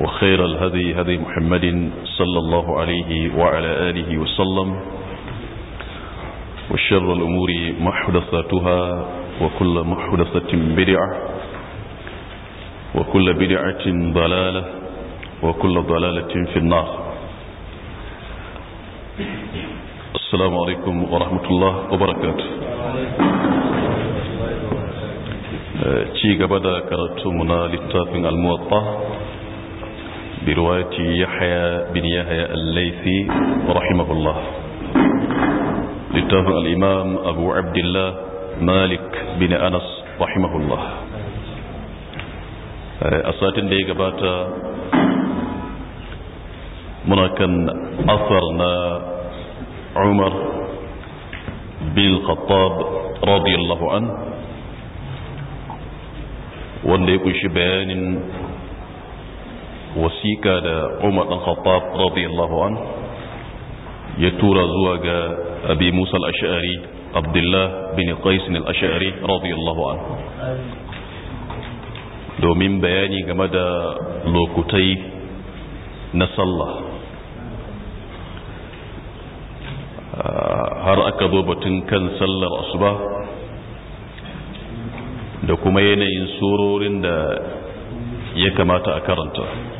وخير الهدي هدي محمد صلى الله عليه وعلى آله وسلم وشر الأمور محدثاتها وكل محدثة بدعة وكل بدعة ضلالة وكل ضلالة في النار السلام عليكم ورحمة الله وبركاته ci gaba da karatunmu na littafin almuwatta برواية يحيى بن يحيى الليثي رحمه الله لتابع الإمام أبو عبد الله مالك بن أنس رحمه الله أساتن دي قباتا منكن أثرنا عمر بن الخطاب رضي الله عنه wanda ya kunshi wasiƙa da umar ɗan khattab radiyallahu an ya tura zuwa ga abi musa al-ash'ari abdullah bin qais al-ash'ari radiyallahu an domin bayani game da lokutai na sallah ah, har aka zo batun kan sallar asuba da kuma yanayin surorin da ya kamata a karanta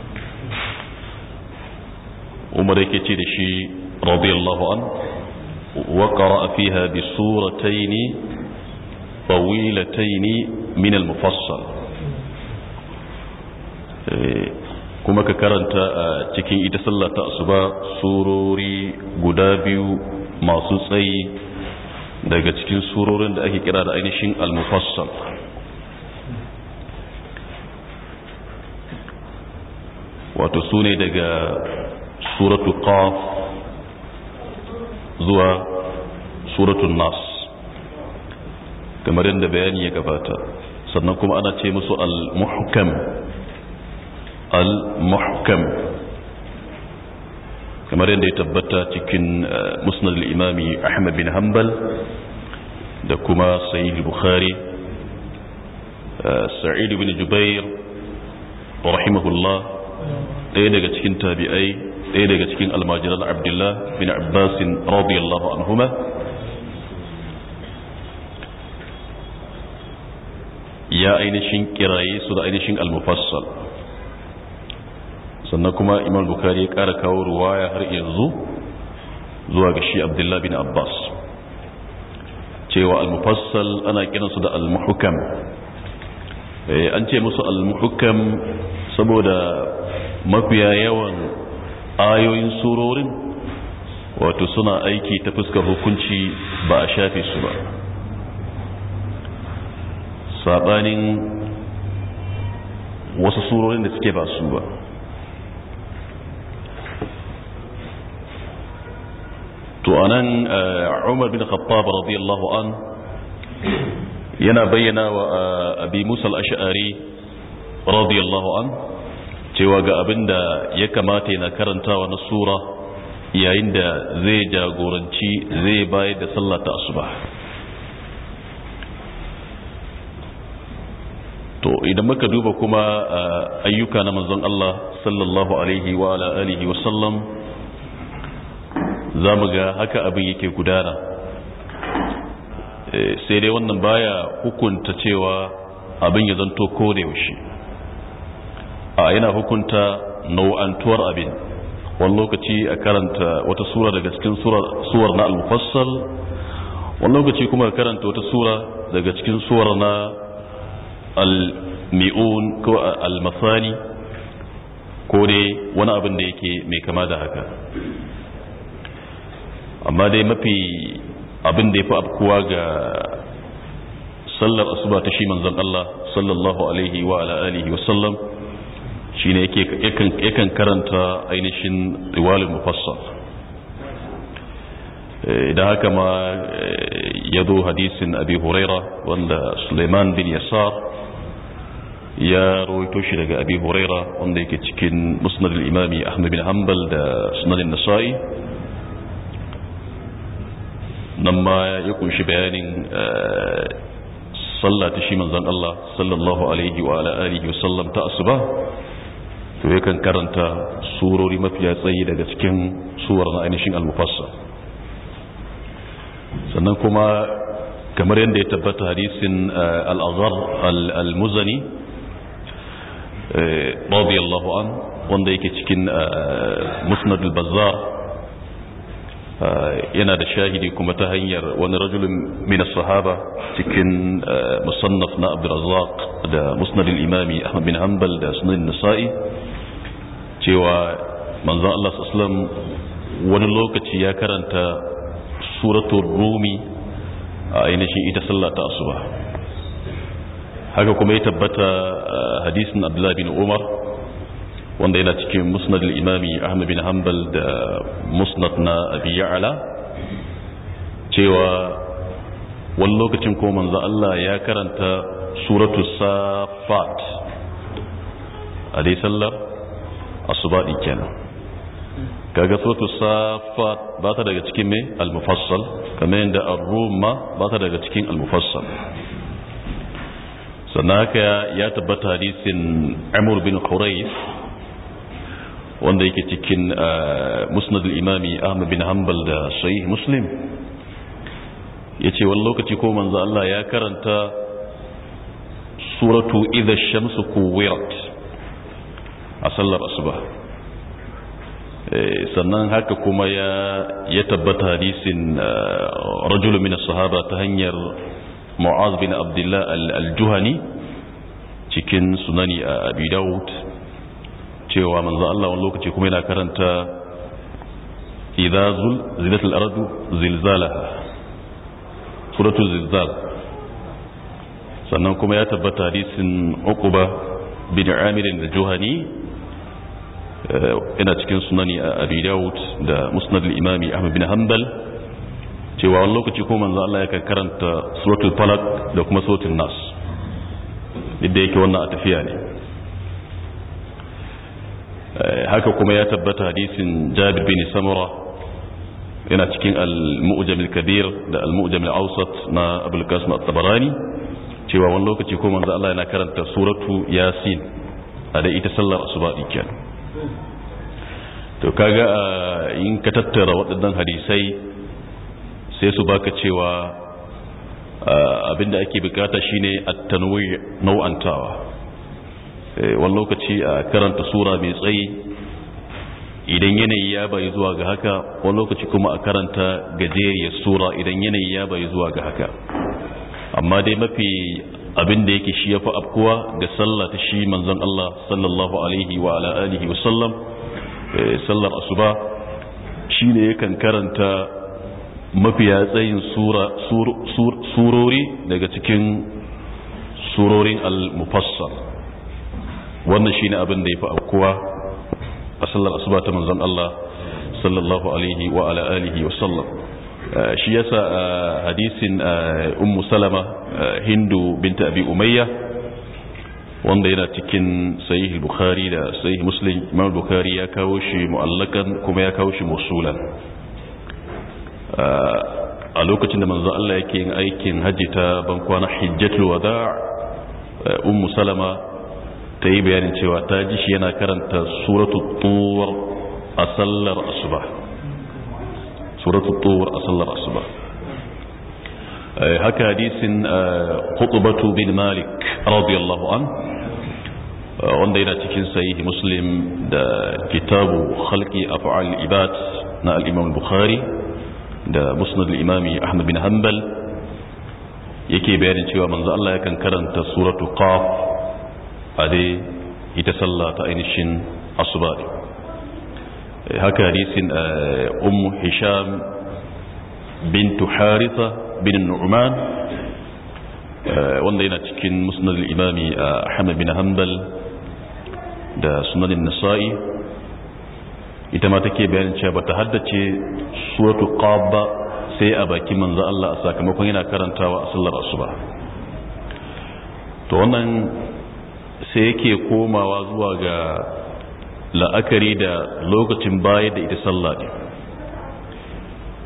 umar yake ce da shi radiyallahu an wa qara'a fiha bi suratayn tawilatayn min al-mufassal eh, kuma ka karanta a cikin ita sallah ta asuba surori guda biyu masu tsayi daga cikin surorin da ake kira da ainihin al-mufassal wato su ne daga suratu qaf zuwa suratun nas kamar yadda bayani ya gabata sannan kuma ana ce musu al-muhkam al-muhkam kamar yadda ya tabbata cikin eh, musnad imami ahmad bin hanbal da kuma sayyid bukhari eh, sa'id bin jubair rahimahullah ɗaya daga cikin tabi'ai ɗaya daga cikin almajiran abdullah bin abbasin radiyallahu anhuma ya ainihin kiraye su da ainihin almufassal sannan kuma imam bukari ya kara kawo ruwaya har yanzu zuwa ga shi abdullah bin abbas cewa almufassal ana kiransu da almuhukam eh, an ce musu almuhukam saboda mafiya yawan ayoyin surorin wato suna aiki ta fuskar hukunci ba a shafe su ba saɓanin wasu surorin da suke ba su ba to anan eh, umar bin khattab radiyallahu an yana bayyana wa eh, abi musal al-ash'ari radiyallahu an cewa ga abin da ya kamata yana karantawa na sura yayin da zai jagoranci zai bayar da sallah ta asuba to idan muka duba kuma ayyuka na manzon Allah sallallahu alaihi wa ala alihi wa sallam za mu ga haka abin yake gudana eh, sai dai wannan baya hukunta cewa abin ya zanto ko da yaushe yana hukunta nau'antuwar abin wani lokaci a karanta wata sura daga cikin suwar na al-mufassal wani lokaci kuma a karanta wata sura daga cikin suwar na al-mi'un ko al-masani ko dai wani abin da yake mai kama da haka amma dai mafi abin da ya fi afkuwa ga sallar asuba ta shi manzan Allah sallallahu alaihi wa ala alihi wa sallam shine yake yakan karanta ainihin riwalul mufassal eh, da haka ma eh, ya zo hadisin abi huraira wanda suleiman bin yasar ya rawaito shi daga abi huraira wanda yake cikin musnadin imami ahmad bin hanbal da sunanin nasa'i nan ma ya kunshi bayanin eh, sallah ta shi manzan Allah sallallahu alaihi wa ala alihi wa sallam ta asuba to yakan karanta surori mafiya tsayi daga cikin suwar na ainihin almufassa sannan kuma kamar yadda ya tabbata hadisin eh, al'azhar al-muzani eh, radiyallahu an wanda yake cikin eh, musnad al yana da shahidi kuma ta hanyar wani rajulun min sahaba cikin musannaf na abdurrazzaq da musnad al-imami ahmad bin hanbal da sunan nisa'i cewa manzan Allah sallam wani lokaci ya karanta suratun rumi a ainihin ita ta asuba haka kuma ya tabbata hadisin abdullahi bin umar wanda yana cikin musnad imami ahmad bin hanbal da musnad na abi ya'ala cewa wani lokacin ko manzo Allah ya karanta suratu safat alaihi sallam asubadi kenan kaga suratu safat ba ta daga cikin me al-mufassal kamar yadda ar-ruma ba ta daga cikin al-mufassal sannan haka ya tabbata hadisin amr bin quraysh wanda yake cikin uh, musnad al-imami ahmad bin hanbal da sahih muslim yace wani lokaci ko manzo Allah ya karanta suratu idha ash-shamsu kuwirat a sallar asuba eh, sannan haka kuma ya tabbata hadisin eh, rajul min sahaba ta hanyar mu'az bin abdullah al-juhani cikin sunani a abi dawud cewa manzo Allah wani lokaci kuma yana karanta idza zul zilatul ardu zilzalaha suratul zilzal sannan kuma ya tabbata hadisin uquba bin amir al-juhani Eh, ina cikin sunani a abi dawud da musnad al-imami ahmad bin hanbal cewa wani lokaci ko manzo Allah yakan karanta suratul falaq da kuma suratul nas yadda yake wannan a tafiya ne eh, haka kuma ya tabbata hadisin jabir bin samura yana cikin al-mu'jam al-kabir da al-mu'jam al-awsat na abul qasim at-tabarani cewa wani lokaci ko manzo Allah yana karanta suratu yasin a da ita sallar asuba kenan to kaga in ka tattara waɗannan hadisai sai su baka cewa abinda ake bukata shine at-tanwi nau'antawa eh, wani lokaci a karanta sura mai tsayi idan yanayi ya bai zuwa ga haka wani lokaci kuma a karanta gajeriyar sura idan yanayi ya bai zuwa ga haka amma dai mafi abin da yake shi ya fi afkuwa ga sallah ta shi manzon Allah sallallahu alaihi wa ala alihi wa sallam eh, sallar asuba ne yakan karanta mafiya tsayin sura surori daga cikin surorin al mufassar wannan shi ne abin da ya fi afkuwa a sallar asuba ta manzon Allah sallallahu alaihi wa ala alihi wa sallam shi yasa hadisin ummu salama hindu binta abi umayya wanda yana cikin sahih bukhari da sahih muslim imam bukhari ya kawo shi mu'allakan kuma ya kawo shi musulan a lokacin da manzo Allah yake yin aikin hajji ta bankwana hijjatul wada' ummu salama ta yi bayanin cewa ta ji shi yana karanta suratul tuwar a sallar asuba suratul tur a sallar asuba eh, haka hadisin huɗubatu eh, bin malik radiyallahu an eh, wanda yana cikin sahihi muslim da kitabu khalqi af'al ibad na al-imam bukhari da musnad al imam ahmad bin hanbal yake bayanin cewa manzo Allah yakan karanta suratu qaf a dai ita sallah ta ainihin asuba haka hadisin eh, ummu hisham bintu haritha bin nu'man eh, wanda yana cikin musnad al-imami eh, ahmad bin hanbal da sunan an-nasa'i ita ma take bayanin cewa bata haddace suratu qaba sai a baki manzo Allah a sakamakon yana karantawa a sallar asuba to wannan sai yake komawa zuwa ga la'akari da lokacin baya da ita sallah ne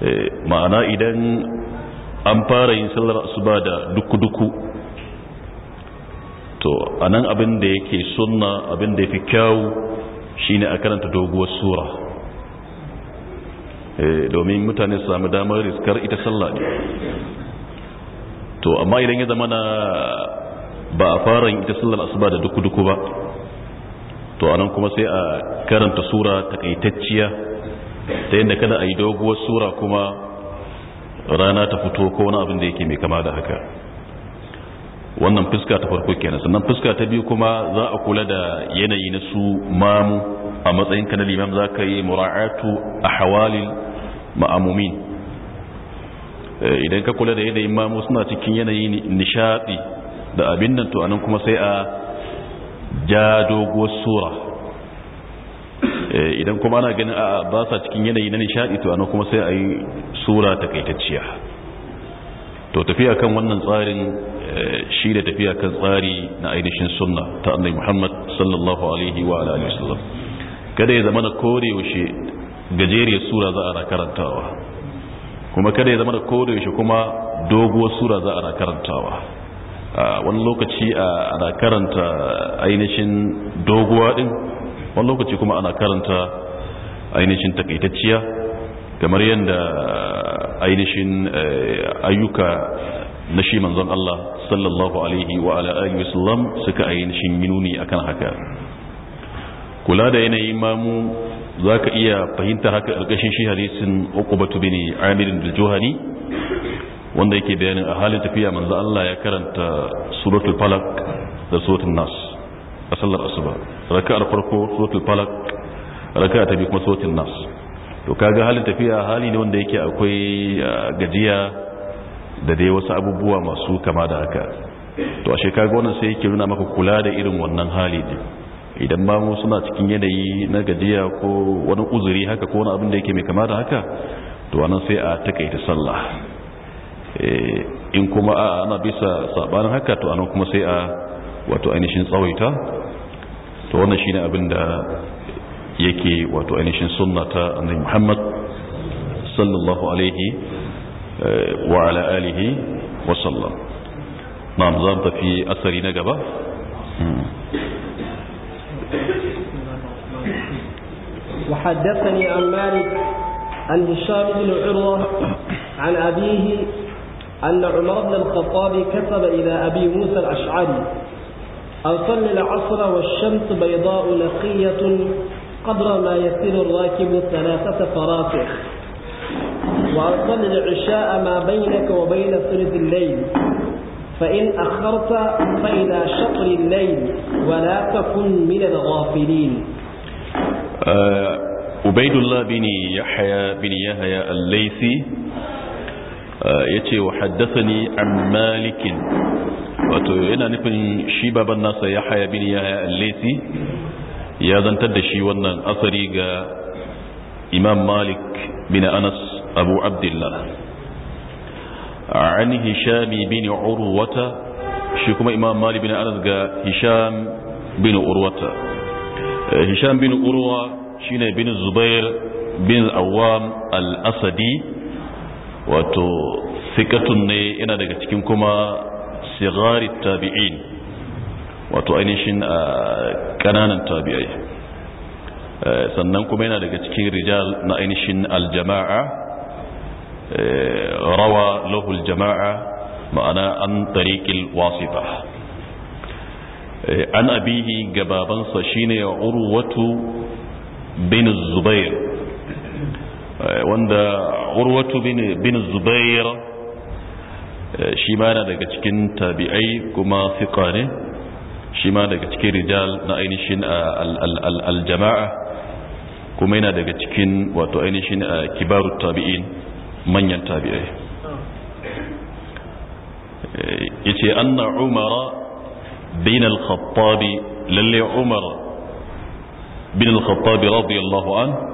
eh, ma'ana idan an fara yin sallar asuba da duku-duku to a nan abin da yake sunna abin da ya fi kyawu shine a karanta doguwar sura eh, domin mutane su sami damar riskar ita sallah ne to amma idan ya zama na ba a fara yin ita sallar asuba da duku-duku ba to anan kuma sai a karanta sura takaitacciya ta yadda kada a yi doguwar sura kuma rana ta fito ko wani abin da yake mai kama da haka wannan fuska ta farko kenan sannan fuska ta biyu kuma za a kula da yanayi na su mamu a matsayin ka na limam za ka yi mura'atu a hawalin ma'amumin eh, idan ka kula da yanayin mamu suna cikin yanayi nishadi da abin nan to anan kuma sai a ja doguwar sura eh, idan kuma ana ganin a ba sa cikin yanayi na nishadi to ana kuma sai a yi sura takaitacciya to tafiya kan wannan tsarin eh, shi da tafiya kan tsari na ainihin sunna ta annai muhammad sallallahu alaihi wa alihi wasallam kada ya zama na kore yaushe gajeriyar sura za a na karantawa kuma kada ya zama da kore yaushe kuma doguwar sura za a na karantawa wani lokaci ana karanta ainihin doguwa din wani lokaci kuma ana karanta ainihin takaitacciya kamar yadda ainihin eh, ayyuka na shi manzon Allah sallallahu alaihi wa ala alihi wasallam suka ainihin minuni akan haka kula da yanayi mamu za ka iya fahimta haka ƙarƙashin shi hadisin uqubatu bin amir al-juhani wanda yake bayanin a halin tafiya manzo Allah ya karanta suratul falak da suratul nas a sallar asuba raka'ar farko suratul falak raka'a ta biyu kuma suratul nas to kaga halin tafiya hali ne wanda yake akwai gajiya da dai wasu abubuwa masu kama da haka to ashe kaga wannan sai yake nuna maka kula da irin wannan hali ne, idan ba mu suna cikin yanayi na gajiya ko wani uzuri haka ko wani abin da yake mai kama da haka to wannan sai a takaita sallah in kuma a ana bisa sabanin haka to anan kuma sai a wato ainihin tsawaita to wannan shine abin da yake wato ainihin sunna ta annabi Muhammad sallallahu alaihi wa ala alihi wa sallam na'am zan tafi asari na gaba وحدثني عن مالك عن هشام بن عروة عن أبيه أن عمر بن الخطاب كتب إلى أبي موسى الأشعري أصل العصر والشمس بيضاء نقية قدر ما يسير الراكب ثلاثة فراسخ وأصل العشاء ما بينك وبين ثلث الليل فإن أخرت فإلى شطر الليل ولا تكن من الغافلين أبيد آه، الله بن يحيى بن يحيى الليثي ya ce wa ni an malikin wato yana nufin shi baban nasa ya haya bin ya haya allesi ya zantar da shi wannan asari ga imam malik bin anas abu abdullah an hishami bin urwata shi kuma imam malik bin anas ga hisham bin urwata hisham bin urwa shine bin zubair bin awam al-asadi wato sikatun ne yana daga cikin kuma sigari tabi'in wato ainihin a kananan tabi'ai sannan kuma yana daga cikin rijal na ainihin aljama'a rawa lahul jama'a ma'ana an tariƙil wasifa an abihi gababansa shine urwatu bin zubair wanda urwatu bin zubair eh, shi ma na daga cikin tabi'ai kuma fiqa ne shi ma daga cikin rijal na ainihin eh, aljama'a kuma yana daga cikin wato ainihin eh, kibaru tabi'in manyan tabi'ai yace anna umara bin al-khattab lalle umar bin al-khattab radiyallahu anhu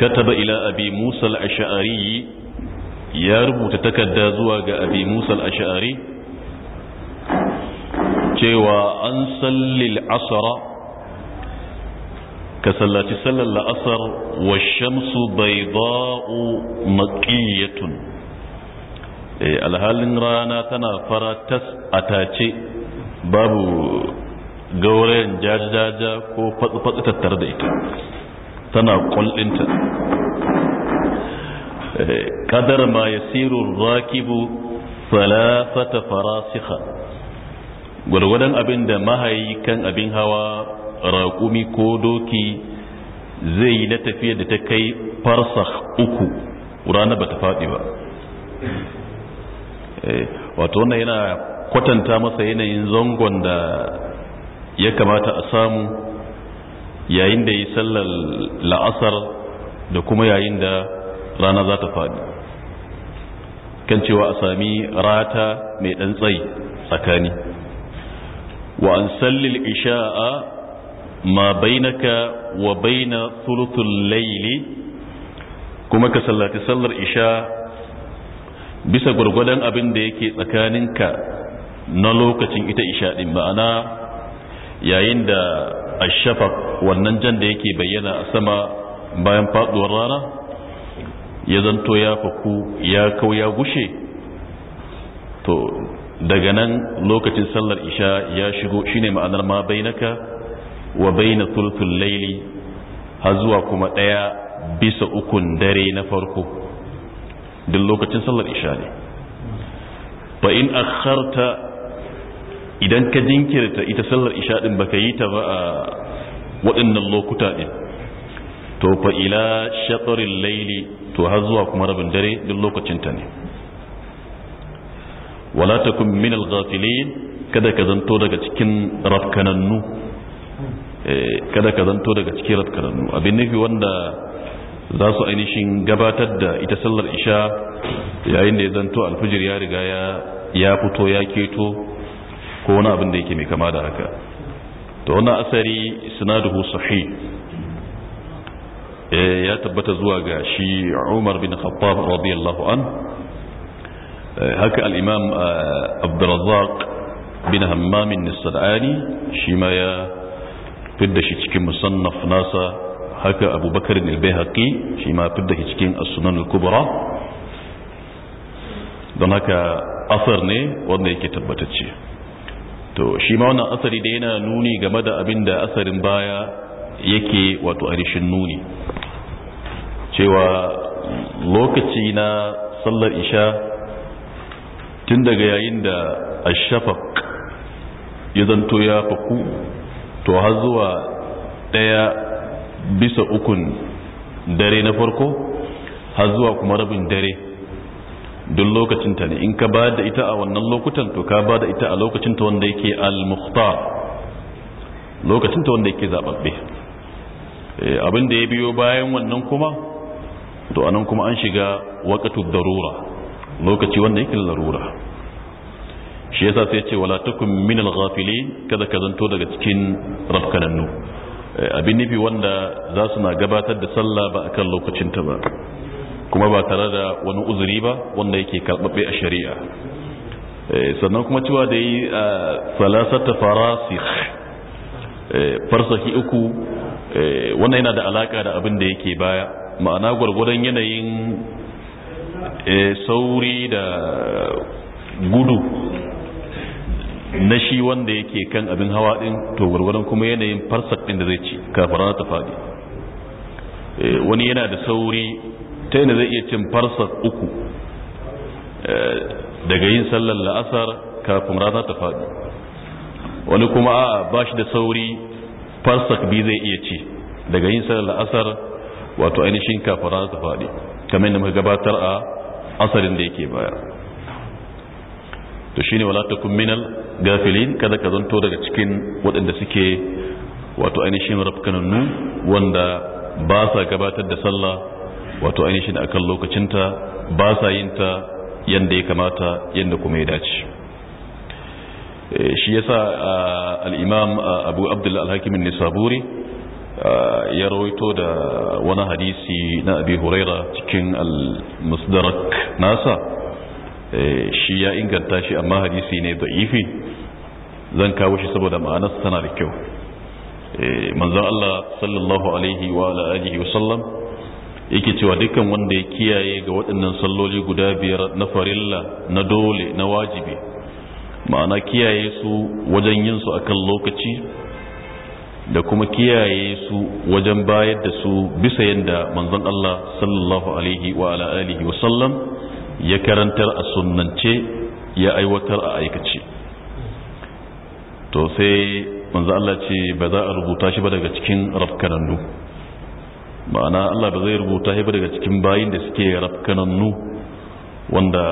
kataba ila abi musa al ya rubuta takarda zuwa ga abi musa al cewa an sallil asara ka sallaci sallar la'asar wa shamsu bayda'u maqiyatun alhalin rana tana fara tas a tace babu gaurayen jajaja ko fatsi-fatsi tattare da ita tana kullinta kadar ma yasiru rakibu salasata farasika. gwargwadon abin da mahayi kan abin hawa raƙumi ko doki zai yi na tafiya da ta kai farsakh uku rana ba ta faɗi ba eh, wato wannan yana kwatanta masa yanayin zangon da ya kamata a samu yayin da yi sallar la'asar da kuma yayin da rana za ta faɗi kan cewa a sami rata mai ɗan tsayi tsakani wa an sallil isha'a ma bainaka wa baina thulutul laili kuma ka sallati sallar isha bisa gwargwadon abin da yake tsakaninka na lokacin ita isha din ma'ana yayin da الشفق wannan jan da yake bayyana a sama bayan faduwar rana ya zanto ya faku ya kau ya gushe to daga nan lokacin sallar isha ya shigo shine ma'anar ma bainaka wa baina thulthul layli har zuwa kuma daya bisa ukun dare na farko duk lokacin sallar isha ne fa in akharta idan ka jinkirta ita sallar isha din baka yi ta ba a waɗannan lokuta din to fa ila shatarin laili to har zuwa kuma rabin dare duk lokacin ta ne wala takun min al-ghafilin kada ka zanto daga cikin rafkanannu eh, kada ka zanto daga cikin rafkanannu abin nufi wanda za su ainihin gabatar da ita sallar isha yayin da ya zanto alfijir ya riga ya fito ya keto ko wani abin da yake mai kama da haka to wannan asari sinaduhu sahi eh, ya tabbata zuwa ga shi Umar bin Khattab radiyallahu an eh, haka al-Imam eh, Abdurrazzaq bin Hammam an-Nisrani shi ma ya fidda shi cikin musannaf nasa haka Abu Bakar al-Baihaqi shi ma fidda shi cikin As-Sunan al-Kubra don haka asar ne wanda yake tabbatacce to shi ma wannan asari da yana nuni game da abin da asarin baya yake wato arishin nuni cewa lokaci na sallar isha tun daga yayin da ashafak ya zanto ya faku to har zuwa ɗaya bisa ukun dare na farko har zuwa kuma rabin dare duk lokacin ta ne in ka ba da ita a wannan lokutan to ka ba da ita a lokacin ta wanda yake al-mukhtar lokacin ta wanda yake zababbe eh, abin da ya biyo bayan wannan kuma to anan kuma an shiga waqtu darura lokaci wanda yake larura shi yasa sai ce wala takum min al-ghafilin kada ka zanto daga cikin rafkanannu eh, abin nufi wanda za su na gabatar da sallah ba akan lokacin ta ba kuma ba tare da wani uzuri ba wanda yake karɓaɓɓe a shari'a eh, sannan kuma cewa da yi salasata farasikh eh, farsaki uku eh, wannan yana da alaka da abin da yake baya ma'ana gwargwadon yanayin sauri da gudu na shi wanda yake kan abin hawa din to gwargwadon kuma yanayin farsak din da zai ci kafara ta faɗi wani yana da sauri husaini zai iya cin farsa uku eh, daga yin sallar la'asar kafin rana ta faɗi wani kuma a ba shi da sauri farsak bi zai iya ci daga yin sallar la'asar wato ainihin kafin rana ta faɗi kamar da muka gabatar a asarin da yake baya to shine wala takun minal gafilin kada ka zanto daga cikin waɗanda suke wato ainihin rafkanannu wanda ba sa gabatar da sallah wato ainihin akan lokacinta ba sa yin ta yadda ya kamata yadda kuma ya dace eh, shi ya sa imam abu abdullah al-hakim nisaburi ya rawaito da wani hadisi na abi huraira cikin al-musdarak nasa eh, shi ya inganta shi amma hadisi ne da'ifi zan kawo shi saboda ma'anar tana da kyau eh, Manzan Allah sallallahu alaihi wa alihi wa sallam yake cewa dukkan wanda ya kiyaye ga waɗannan salloli guda biyar na farilla na dole na wajibi ma'ana kiyaye su wajen yin su akan lokaci da kuma kiyaye su wajen bayar da su bisa yadda manzon Allah sallallahu alaihi wa ala alihi wa sallam ya karantar a sunnance ya aiwatar a aikace to sai manzon Allah ce ba za a rubuta shi ba daga cikin rafkanannu ma'ana Allah ba zai rubuta haifa daga cikin bayin da suke rafkanannu wanda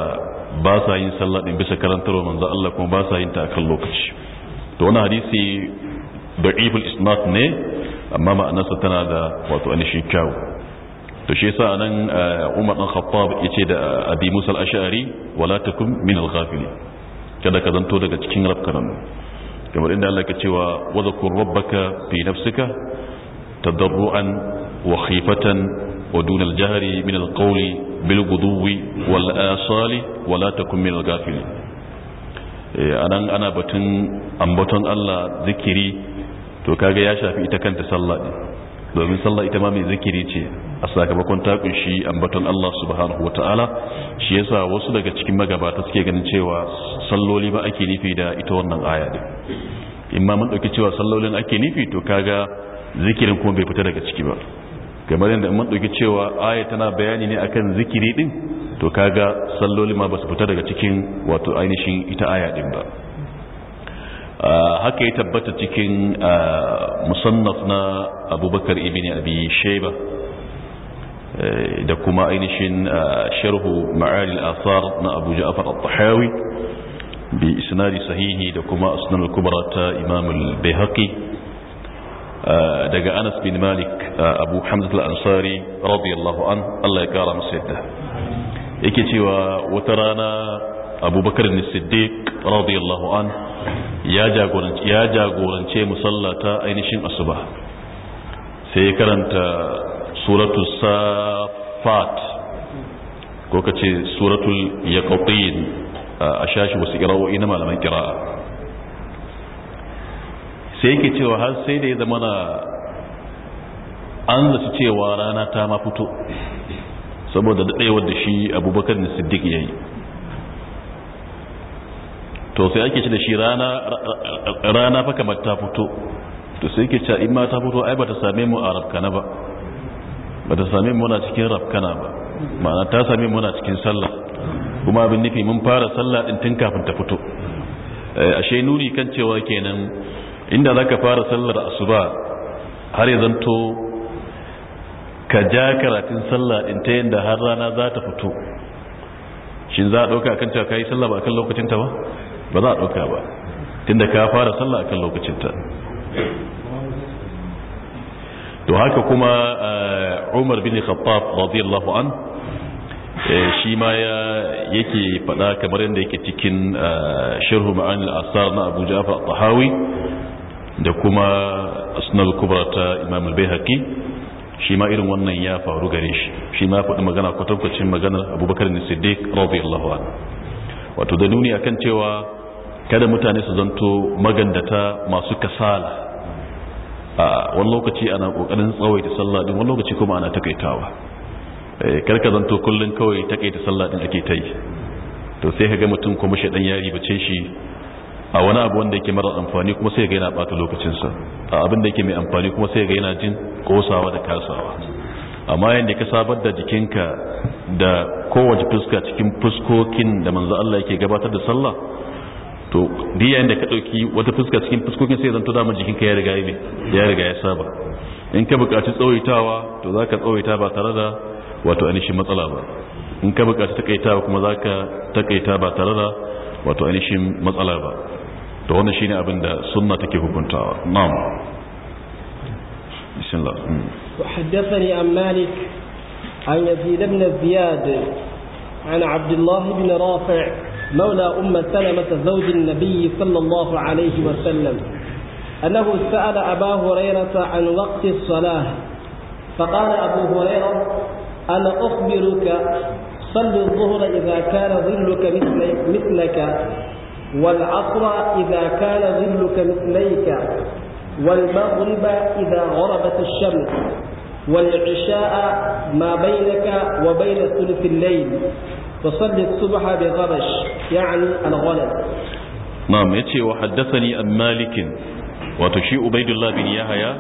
ba sa yin sallah din bisa karantarwa manzo Allah kuma ba sa yin ta kan lokaci to wani hadisi da'ibul isnad ne amma ma'anarsa tana da wato shi kyau to shi yasa nan eh, Umar dan Khattab yace da Abi Musa al-Ash'ari wala takum min al-ghafilin kada ka zanto daga cikin rafkanannu kamar inda Allah ke cewa wa zakur rabbaka fi nafsika tadarruan وخيفة ودون الجهر من القول بالغدو والآصال ولا تكن من الغافلين anan ana batun ambaton Allah zikiri to kaga ya shafi ita kanta sallah ne, domin sallah ita ma mai zikiri ce a sakamakon ta kunshi ambaton Allah subhanahu wa ta'ala shi yasa wasu daga cikin magabata suke ganin cewa salloli ba ake nufi da ita wannan aya ne. in ma mun dauki cewa sallolin ake nufi to kaga zikirin kuma bai fita daga ciki ba kamar yadda mun ɗauki cewa aya tana bayani ne akan zikiri din to kaga salloli ma ba su fita daga cikin wato ainihin ita aya din ba haka ya tabbata cikin musannaf na abubakar ibn abi e, da kuma ainihin sharhu ma'aril asar na abu ja'far al-tahawi bi isnadi sahihi da kuma asnan al-kubra ta imam al daga anas bin malik abu hamzatul ansari radiyallahu an allah ya kara masa yadda yake cewa wata rana abubakar ne siddiq radiyallahu an ya jagorance ya jagorance musallata ainihin asuba sai ya karanta suratu safat ko kace suratul yaqatin a shashi wasu qira'o'i na malaman qira'a sai yake cewa har sai da ya zama na an zaci cewa rana ta ma fito saboda daɗewar da shi abubakar da siddiq ya yi to sai ake ce da shi rana fa kamar ta fito to sai ke cewa in ma ta fito ai ba ta same mu a rafkana ba ba ta same mu na cikin rafkana ba ma'ana ta same mu na cikin sallah kuma abin nufi mun fara sallah ɗin tun kafin ta fito eh, ashe nuni kan cewa kenan inda za ka fara sallar asuba har ya zanto ka ja karatun sallah in ta da har rana za ta fito shi za a ɗauka kan cewa ka yi sallah ba kan lokacinta ba ba za a ɗauka ba tunda ka fara sallah kan lokacinta to haka kuma eh, umar bin khattab radiyallahu an eh, shi ma ya yake faɗa kamar yadda yake cikin eh, shirhu ma'anil asar na abu ja'far tahawi da kuma asnal kubra ta imam al-baihaqi shi ma irin wannan ya faru gare shi shi ma faɗi magana kwatankwacin magana abubakar ne siddiq radiyallahu anhu wato da nuni akan cewa kada mutane su zanto magandata masu kasala a wani lokaci ana kokarin tsawaita sallah din wani lokaci kuma ana takaitawa eh, karka zanto kullum kawai takaita sallah din ake ta yi to sai ka ga mutum kuma shaɗan yari bace shi a wani abu wanda yake mara amfani kuma sai ga yana bata lokacinsa a abin da yake mai amfani kuma sai ga yana jin kosawa da kasawa amma yadda ka sabar da jikinka da kowace fuska cikin fuskokin da manzo Allah yake gabatar da sallah to duk yayin da ka dauki wata fuska cikin fuskokin sai zanto dama jikinka ya riga ya riga ya saba in ka buƙaci tsawaitawa to zaka tsawaita ba tare da wato ainihin matsala ba in ka buƙaci takaitawa kuma zaka takaita ba tare da wato ainihin matsala ba to wannan shine abin da sunna take hukuntawa na'am bismillah hmm. وحدثني عن مالك عن يزيد بن زياد عن عبد الله بن رافع مولى أم سلمة زوج النبي صلى الله عليه وسلم أنه سأل أبا هريرة عن وقت الصلاة فقال أبو هريرة أنا أخبرك صل الظهر إذا كان ظلك مثلك والعصر إذا كان ظلك مثليك والمغرب إذا غربت الشمس والعشاء ما بينك وبين ثلث الليل وصل الصبح بغبش يعني الغلب نعم يتي وحدثني عن مالك وتشيء بيد الله بن يحيى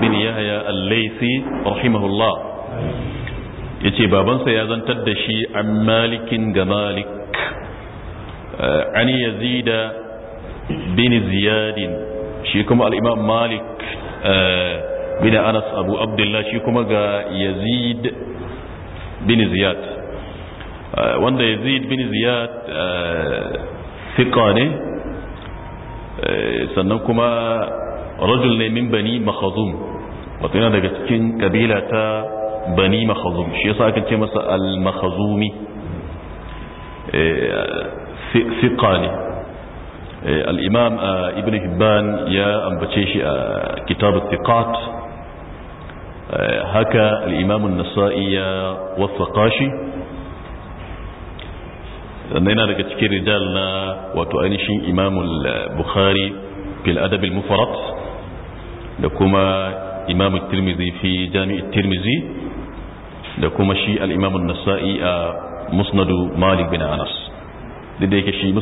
بن يحيى الليثي رحمه الله يتي بابا ya تدشي عن مالك جمالك an yazida bin ziyadin shi kuma al'imam malik bin anas abu abdullah shi kuma ga yazid bin ziyad wanda yazid bin ziyad ne sannan kuma rajul ne min bani makhazum wato yana daga cikin kabila ta bani makhazum shi yasa aka ce masa al-makhazumi ثقاني إيه، الإمام آه، ابن حبان يا أنبتشيش آه، كتاب الثقات إيه، هكا الإمام النسائي والثقاشي لأننا لكتكير رجالنا وتؤنش إمام البخاري في الأدب المفرط لكما إمام الترمذي في جامع الترمذي لكما شيء الإمام النسائي آه، مسند مالك بن أنس duk da yake shi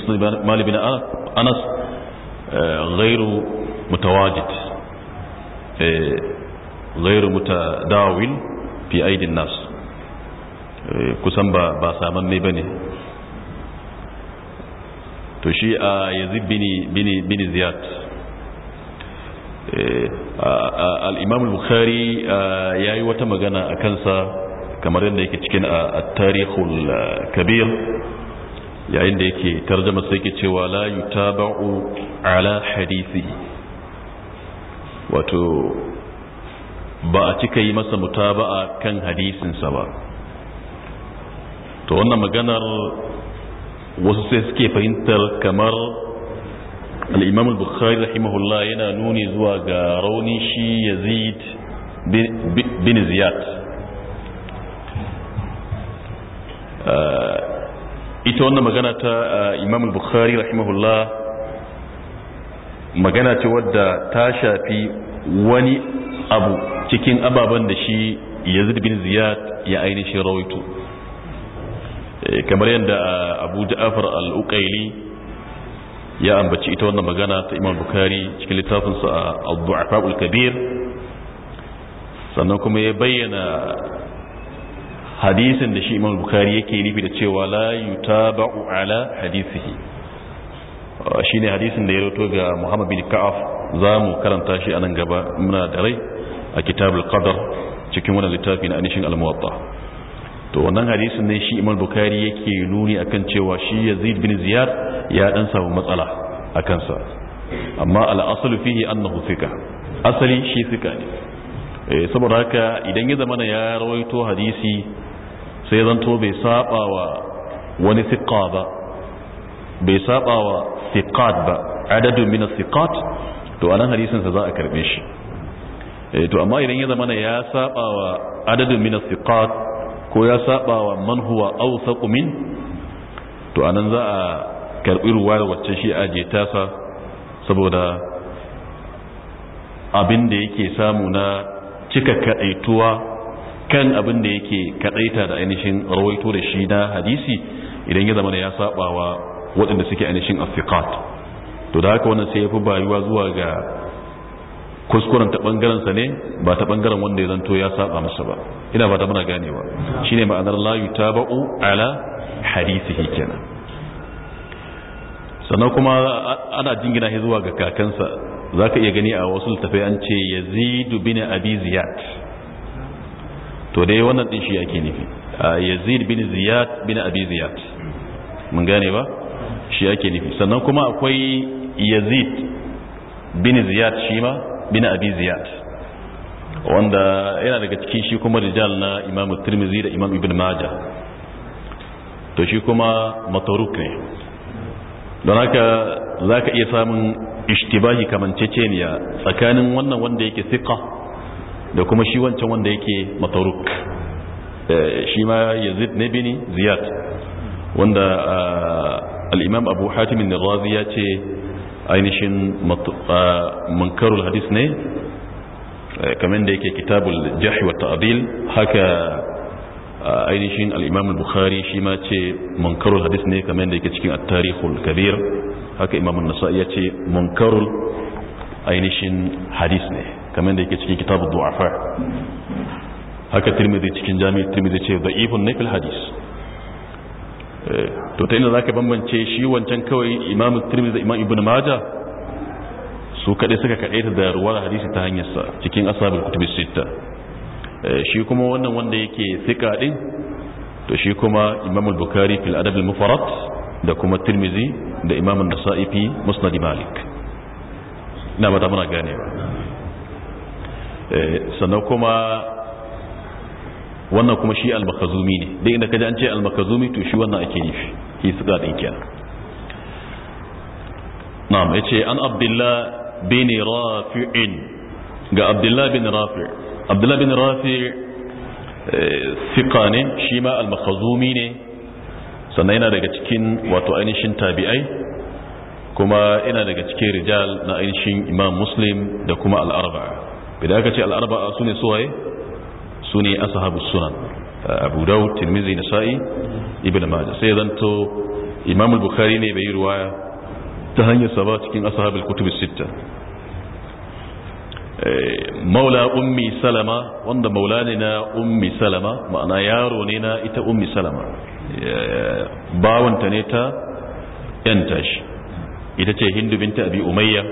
malibi na anas eh, gairu mutawajid eh, gairu mutadawil fi aidin nas eh, kusan ba ba saman ne bane to shi a yanzu bini bini bini al-imam al-bukhari yayi wata magana a kansa kamar yadda yake cikin a tarihul kabir yayin da yake tarjama sai ke cewa la yutaba'u ala hadisi wato ba a cika yi masa mutaba'a kan hadisinsa ba to wannan maganar wasu sai suke fahimtar kamar al-imam al-bukhari rahimahullah yana nuni zuwa ga rauni shi yazid bin ziyad uh, ita wannan magana ta uh, imam bukhari rahimahullah magana ce wadda ta shafi wani abu cikin ababen da shi yazid bin ziyad ya ainihin rawaito eh, kamar yadda uh, abu ja'afar al-uqaili ya ambaci ita wannan magana ta imam bukhari cikin littafinsa a uh, al kabir sannan kuma ya bayyana hadisin da shi imam bukari yake nufi da cewa la yutaba'u ala hadisihi ah, shine hadisin da ya roto ga muhammad bin ka'af za mu karanta shi a nan gaba muna da rai a kitabul qadar cikin wani littafi na anishin al-muwatta to wannan hadisin ne shi imam bukari yake nuni akan cewa shi yazid bin ziyar ya dan samu matsala a kansa amma al-aslu fihi annahu thika asali shi thika ne eh, saboda haka idan ya zamana ya rawaito hadisi sai zanto bai saba wa wani siqa ba bai saba wa siqat ba adadun min siqat to anan hadisin sa za a karbe shi eh, to amma idan ya zama ya saba wa adadu min siqat ko ya saba wa man huwa awsaq min to anan za a karbi ruwa wacce shi a aje tasa saboda abin da yake samu na cika kaɗaituwa kan abin da yake kadaita da ainihin rawaito da shi na hadisi idan ya zama da ya saba wa waɗanda suke ainihin afiqat to da haka wannan sai ya fi bayuwa zuwa ga kuskuren ta bangaren ne ba ta bangaren wanda ya zanto ya saba masa ba ina ba ta muna ganewa shine ma'anar la yutaba'u ala hadisihi kenan sannan kuma ana jingina shi zuwa ga kakansa zaka iya gani a wasu littafai an ce yazidu bin abi ziyad to dai wannan din shi ake nufi yazid bin ziyad bin abi ziyad mun gane ba shi ake nufi sannan kuma akwai yazid bin ziyad shi ma bin abi ziyad wanda yana daga cikin shi kuma rijal na imam tirmizi da imam ibn majah to shi kuma mataruk ne don haka za ka iya samun ishtibahi kamanceceniya tsakanin wannan wanda yake siqa da kuma shi wancan wanda yake mataruk eh, shi ma yazid ne bini ziyad wanda ah, al'imam abu hatimin da razi ya ce ainihin mankarul ah, hadis ne eh, kamar da yake kitabul jahi wa ta'adil haka ah, ainihin al'imam al-bukhari shi ma ce mankarul hadis ne kamar da yake cikin attarihul kabir haka imam nasa'i ya ce mankarul ainihin hadis ne kamar da yake cikin kitabun du'afa haka tirmidhi cikin jami'ar tirmidhi ce da ihun na fil hadis to ta ina za ka bambance shi wancan kawai imamu tirmidhi da imam ibn maja su kaɗai suka kaɗai ta da ruwar hadisi ta hanyarsa cikin asabar kutubis sitta shi kuma wannan wanda yake sika din to shi kuma imam al-bukhari fil adab al-mufarrad da kuma tirmidhi da imam an-nasa'i fi musnad malik na ba ta muna ganewa Eh, sannan kuma wannan kuma shi almakazumi ne dai inda kaji an ce almakazumi to shi wannan ake nufi ki suka din kenan na'am yace an abdullah bin rafi'in ga abdullah bin rafi' abdullah bin rafi' fiqa eh, shi ma almakazumi ne sannan yana daga cikin wato ainihin tabi'ai kuma yana daga cikin rijal na ainihin imam muslim da kuma al'arba'a idan aka ce al'arba'a su ne suwaye su ne ashabu sunan abu daud tirmizi nasa'i ibn majah sai zanto imam bukhari ne bai yi ruwaya ta hanyar sa ba cikin asahabin kutub sitta eh, maula ummi salama wanda maula ne na ummi salama ma'ana yaro ne na ita ummi salama eh, bawanta ne ta yan tashi ita ce hindu binta abi umayya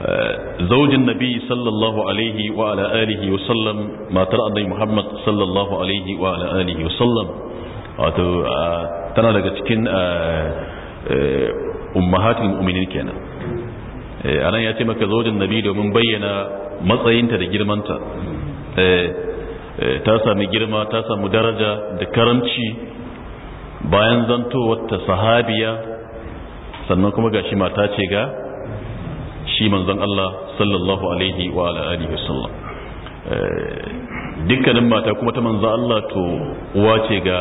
Eh, zaujin nabi sallallahu alaihi wa ala wa sallam matar annabi muhammad sallallahu alaihi wa ala wa sallam wato eh, tana daga cikin eh, ummahatul mu'minin kenan anan ya ce maka zaujin nabi domin bayyana matsayinta da girmanta ta sami girma ta sami daraja da karamci bayan zantowar sahabiya sannan kuma gashi mata ce ga shi manzon Allah sallallahu alaihi wa ala alihi wasallam eh, dukkanin mata kuma ta manzon Allah to wace ga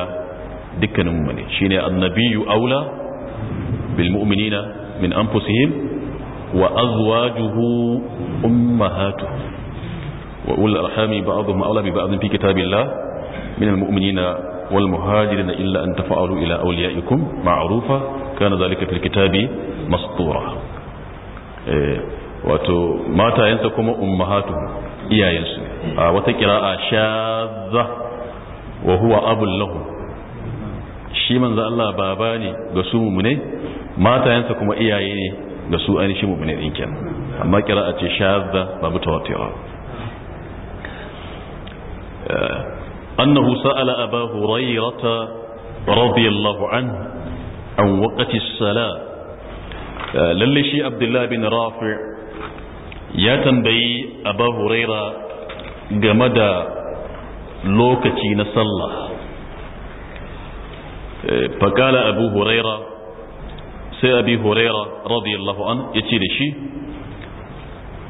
dukkanin mu ne shine annabiyyu aula bil mu'minina min anfusihim wa azwajuhu ummahatuhum wa ulul arhami ba'dhum aula bi ba'd fi kitabillah من المؤمنين والمهاجرين إلا أن تفعلوا إلى أوليائكم معروفة كان ذلك في الكتاب مسطورا Eh, wato matayensa kuma ummahatu iyayensu a wata kira'a shazza wa huwa abun lahu shi manzo Allah baba ne ga su mumune matayensa kuma iyaye ne ga su ainihin mumune din kenan amma kira'a ce shazza ba mutawatira أنه سأل أبا هريرة رضي الله عنه عن وقت الصلاة Eh, lalle shi abdullahi bin rafi ya tambayi abu huraira game da lokaci na sallah eh, fakala abu huraira sai abi huraira radiyallahu an ya ce da shi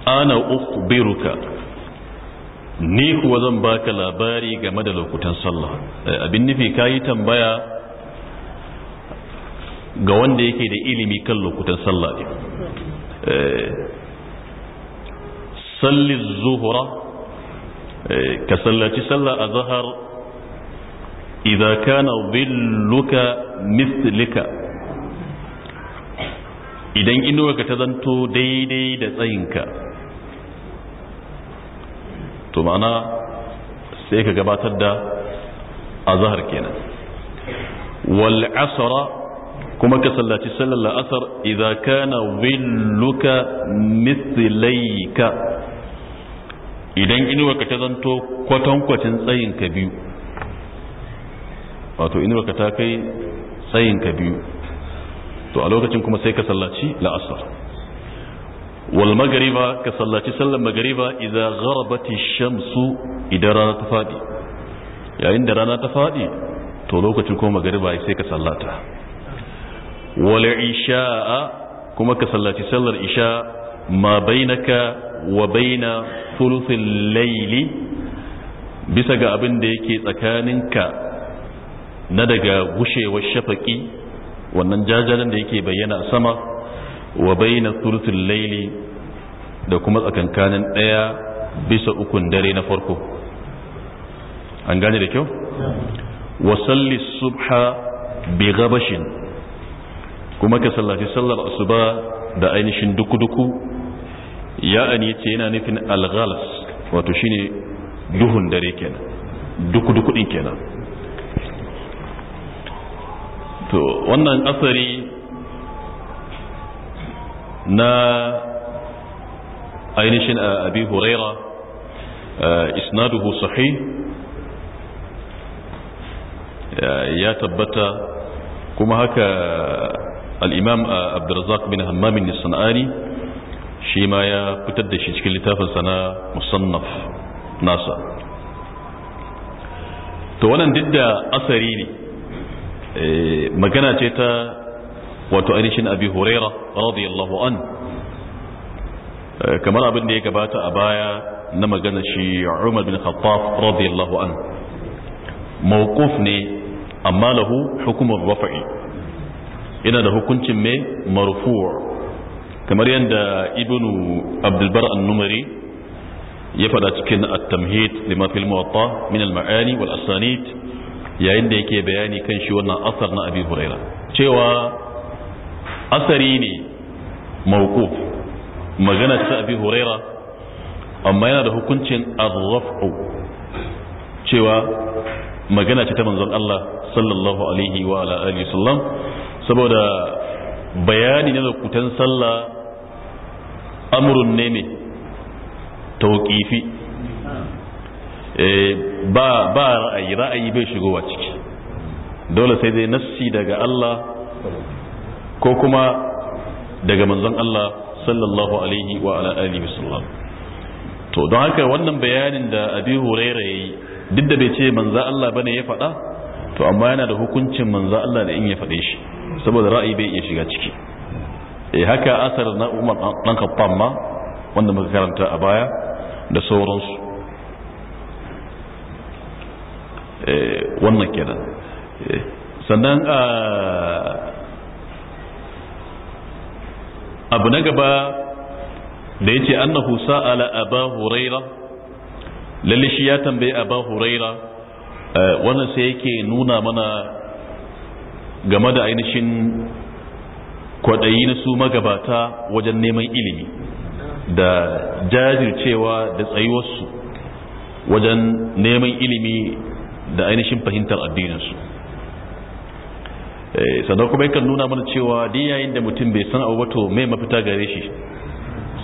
ana ukubiruka ni kuwa zan baka labari game da lokutan sallah eh, abin nufi kayi tambaya ga wanda yake da ilimi kan lokutan sallah ne eh, salli zuhura eh, ka sallaci sallah a zahar idza kana dhilluka mithlika idan inuwarka ta zanto daidai da tsayinka to ma'ana sai ka gabatar da azhar kenan wal asra kuma ka sallaci sallar la'asar idza kana dhilluka mithlayka idan inuwarka ta zanto kwatankwacin tsayin ka biyu wato inuwarka ta kai tsayin ka biyu to a lokacin kuma sai ka sallaci la'asar wal magariba ka sallaci sallar magariba idza gharabati shamsu idan rana ta fadi yayin da rana ta fadi to lokacin kuma magariba sai ka sallata wala isha'a kuma ka sallaci sallar isha ma bainaka wa baina thuluthil layli bisa ga abin da yake tsakaninka na daga gushewar shafaki wannan jajalan da yake bayyana a sama wa baina thuluthil layli da kuma tsakankanin daya bisa ukun dare na farko an gane da kyau wa salli subha bi gabashin kuma ka sallaci sallar asuba da ainihin duku-duku ya an yace yana nufin alghalas wato shine duhun dare kenan duku-duku din kenan to wannan asari na ainihin abi huraira isnaduhu ya tabbata kuma haka al'imam uh, abdurazak bin hammamin nisan'ani shi ma ya fitar da shi cikin littafinsa na musannaf nasa to wannan duk da asari ne eh, magana ce ta wato ainihin abi huraira radiyallahu an eh, kamar abin da ya gabata a baya na magana shi umar bin khattab radiyallahu an mawquf ne amma lahu hukumar rafa'i yana da hukuncin mai marfu' kamar yadda ibnu abdulbar annumari ya fada cikin at-tamhid lima fil muwatta min al-ma'ani wal asanid yayin da yake bayani kan shi wannan asar na abi huraira cewa asari ne mawquf magana ta abi huraira amma yana da hukuncin ar-raf'u cewa magana ce ta manzon Allah sallallahu alaihi wa ala alihi sallam saboda bayani na rukutan sallah amurin ne ne tauƙifi eh, ba ra'ayi ra'ayi bai shigowa ciki dole sai dai nassi daga Allah ko kuma daga manzon Allah sallallahu alaihi wa ala alihi wasallam to don haka wannan bayanin da abi huraira yayi duk da bai ce manzo Allah bane ya faɗa to amma yana da hukuncin manzo Allah da in ya faɗe shi saboda ra'ayi bai iya shiga ciki eh haka asar na umar dan khattab ma wanda muka karanta a baya da sauransu eh wannan kenan eh, sannan ah, abu na gaba da ya ce annahu sa'ala aba huraira lalle shi ya tambaye aba huraira eh, wannan sai yake nuna mana game da ainihin kwaɗayi na su magabata wajen neman ilimi da jajircewa da tsayuwarsu wajen neman ilimi da ainihin fahimtar addininsu eh, sannan kuma yakan nuna mana cewa duk yayin da mutum bai san abu wato mai mafita gare shi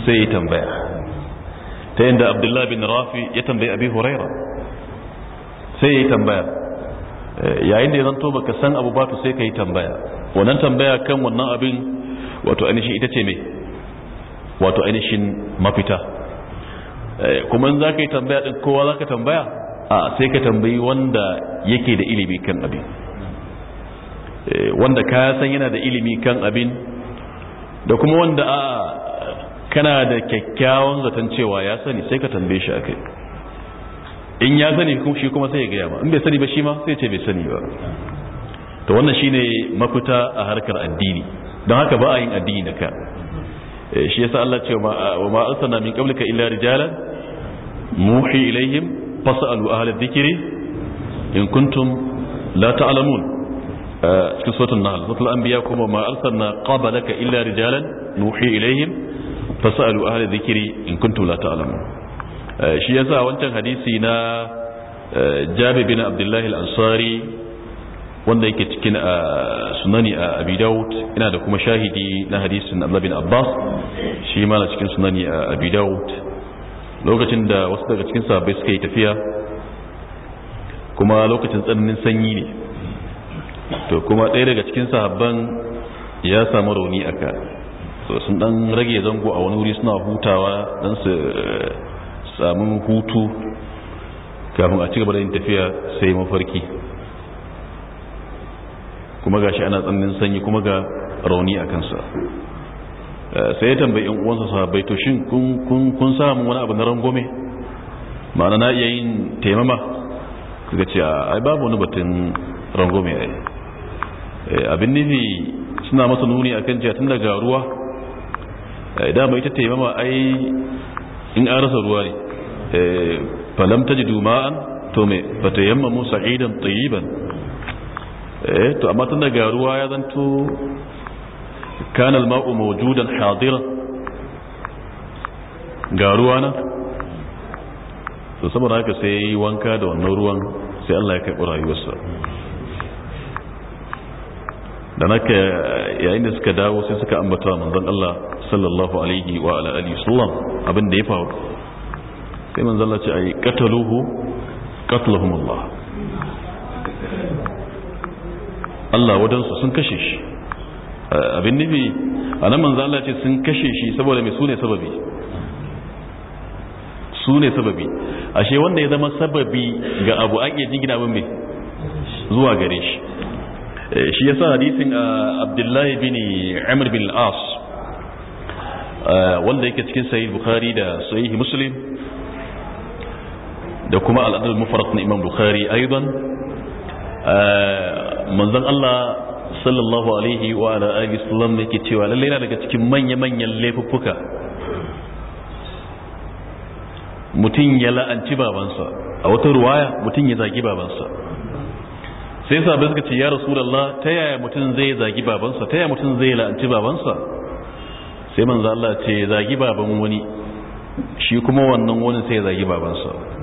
sai ya tambaya ta yadda abdullahi bin rafi ya tambayi abi huraira sai ya tambaya yayin da ya zanto baka san abu ba ka sai ka yi tambaya wannan tambaya kan wannan abin wato ainihin ita ce me wato ainihin mafita eh, kuma za ka yi tambaya ɗin, kowa za ka tambaya a sai ka tambayi wanda yake da ilimi kan abin eh, wanda ka san yana da ilimi kan abin da kuma wanda a kana da kyakkyawan zaton cewa ya sani sai ka tambaye shi a kai. in ya sani kuma shi kuma sai ya gaya ma in bai sani ba shi ma sai ce bai sani ba to wannan shine mafita a harkar addini don haka ba a yin addini da ka eh, shi yasa Allah ce wa ma arsalna min qablika illa rijalan muhi ilaihim fasalu ahla dhikri in kuntum la ta'lamun eh, cikin suratul nahl suratul anbiya kuma ma arsalna qablaka illa rijalan nuhi ilaihim fasalu ahla dhikri in kuntum la ta'lamun Eh, shi yasa wancan hadisi na eh, jabi bin abdullahi al-ansari wanda yake cikin eh, sunani a abi daud ina da kuma shahidi na hadisin abdullah bin abbas shi ma na cikin sunani a abi daud lokacin da wasu daga cikin sahabbai suka yi tafiya kuma lokacin tsananin sanyi ne to kuma ɗaya daga cikin sahabban ya samu rauni aka sun dan rage zango a wani wuri suna hutawa dan su samu hutu kafin a cigaba da yin tafiya sai mafarki kuma ga shi ana tsannin sanyi kuma ga rauni a kansa eh, sai ya tambayi yan uwansa sahabbai to shin kun kun samu wani abu na rangome ma'ana na iya yin taimama kaga ce ai babu wani batun rangome ai eh, abin nufi suna masa nuni kan cewa tun daga ruwa eh, dama ita taimama ai in an rasa ruwa ne falam tajidu ماء to me fatayammamu sa'idan tayyiban eh to amma tun daga ya zanto kana al-ma'u mawjudan hadira ga wanka da wannan ruwan sai Allah ya kai rayuwarsa da naka yayin da suka dawo sai suka ambata manzon Allah sallallahu alaihi wa ala alihi sallam abin da ya faru sai man zalla ce a yi qatlahum Allah Allah wadansu sun kashe shi eh, abin nufi anan man zalla ce sun kashe shi saboda me sune sababi sune sababi ashe wanda ya zama sababi ga abu an iya jingina abin me zuwa gare shi eh, shi yasa hadisin eh, Abdullahi bin Amr bin al-As wanda yake cikin sahih Bukhari da sahih Muslim da kuma al'adar mufarat na imam bukhari aidan eh, manzan Allah sallallahu alaihi wa ala alihi sallam ne ke cewa lallai yana daga cikin manya-manyan laifuffuka mutum ya la'anci babansa a wata ruwaya mutum ya zagi babansa sai sabai suka ce ya rasulullah ta yaya mutum zai zagi babansa ta yaya mutum zai la'anci babansa sai manzo Allah ce zagi baban wani shi kuma wannan wani sai zagi babansa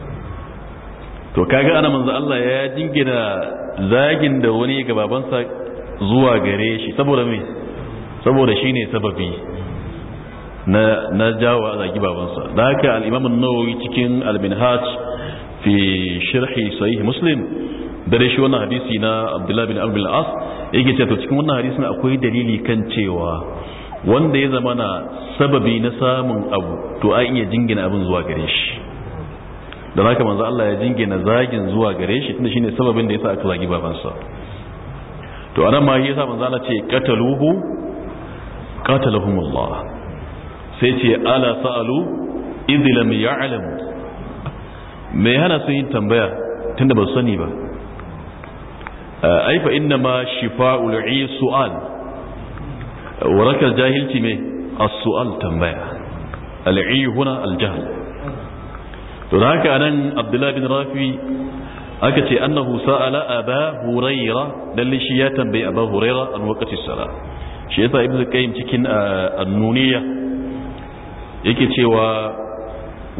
to kaga ana manzo Allah ya jingina zagin da wani ga babansa zuwa gare shi saboda me saboda shine sababi na na a zagi babansa da haka al-Imam an-Nawawi cikin al-Minhaj fi sharh sahih Muslim da dai shi wannan hadisi na Abdullah bin abdul as yake cewa cikin wannan hadisin akwai dalili kan cewa wanda ya zama na sababi na samun abu to a iya jingina abin zuwa gare shi da haka manzo Allah ya jingina zagin zuwa gare shi tunda shine sababin da yasa aka zagi babansa to anan ma yasa manzo Allah ce qataluhu qatalahumullah sai ce ala sa'alu idh lam ya'lamu me hana su yin tambaya tunda ba su sani ba eh, ai fa inna ma shifa'ul su'al warakar jahilci me as-su'al tambaya al-i huna al-jahl to da haka nan abdullahi bin rafi aka ce annahu sa'ala aba huraira lalle shi ya tambayi aba huraira an waqti sala shi yasa ibnu qayyim cikin annuniya yake cewa